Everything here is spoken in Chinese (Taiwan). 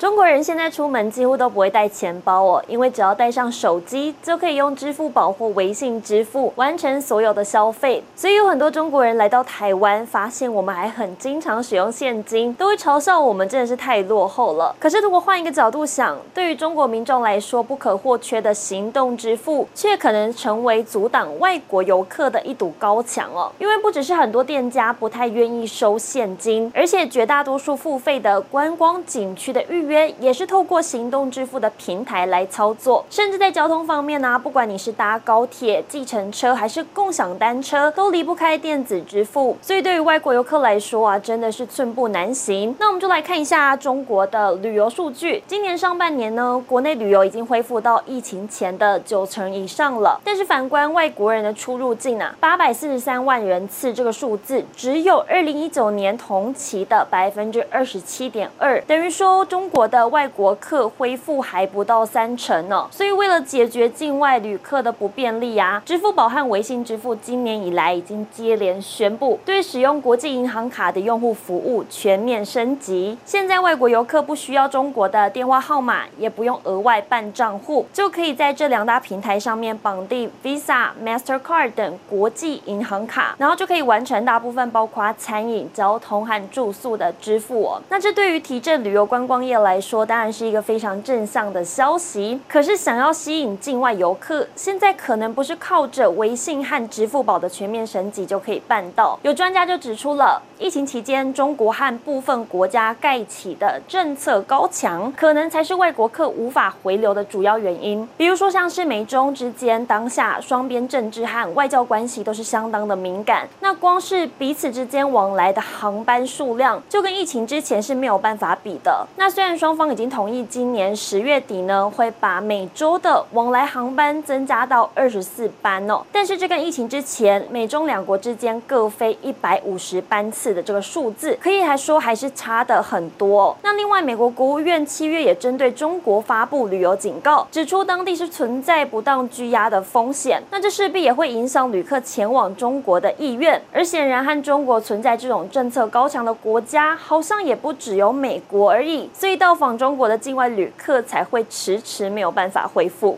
中國人現在出門幾乎都不會帶錢包哦，因為只要帶上手機，就可以用支付寶或微信支付完成所有的消費。所以有很多中國人來到台灣，發現我們還很經常使用現金，都會嘲笑我們真的是太落後了。可是如果換一個角度想，對於中國民眾來說不可或缺的行動支付，卻可能成為阻擋外國遊客的一堵高牆哦。因為不只是很多店家不太願意收現金，而且絕大多數付費的觀光景區的預也是透過行動支付的平台來操作，甚至在交通方面呢、啊，不管你是搭高鐵、計程車還是共享單車，都離不開電子支付。所以對於外國遊客來說啊，真的是寸步難行。那我們就來看一下中國的旅遊數據。今年上半年呢，國內旅遊已經恢復到疫情前的九成以上了。但是反觀外國人的出入境啊，八百四十三萬人次這個數字，只有二零一九年同期的百分之二十七點二，等於說中國。國的外國客恢復還不到三成呢、哦，所以為了解決境外旅客的不便利啊，支付寶和微信支付今年以來已經接連宣布對使用國際銀行卡的用戶服務全面升級。現在外國遊客不需要中國的電話號碼，也不用額外辦賬戶，就可以在這兩大平台上面綁定 Visa、MasterCard 等國際銀行卡，然後就可以完成大部分包括餐飲、交通和住宿的支付哦。那這對於提振旅遊觀光業來，來說當然是一個非常正向的消息，可是想要吸引境外遊客，現在可能不是靠着微信和支付寶的全面升級就可以辦到。有專家就指出了，疫情期間中國和部分國家蓋起的政策高牆，可能才是外國客無法回流的主要原因。比如說像是美中之間，當下雙邊政治和外交關係都是相當的敏感，那光是彼此之間往來的航班數量，就跟疫情之前是沒有辦法比的。那雖然，雙方已經同意，今年十月底呢，會把每周的往來航班增加到二十四班哦。但是這跟疫情之前美中兩國之間各飛一百五十班次的這個數字，可以還說還是差的很多哦。那另外，美國國務院七月也針對中國發布旅遊警告，指出當地是存在不當拘押的風險。那這勢必也會影響旅客前往中國的意願。而顯然，和中國存在這種政策高牆的國家，好像也不只有美國而已。所以到到訪中國的境外旅客才會遲遲沒有辦法恢復。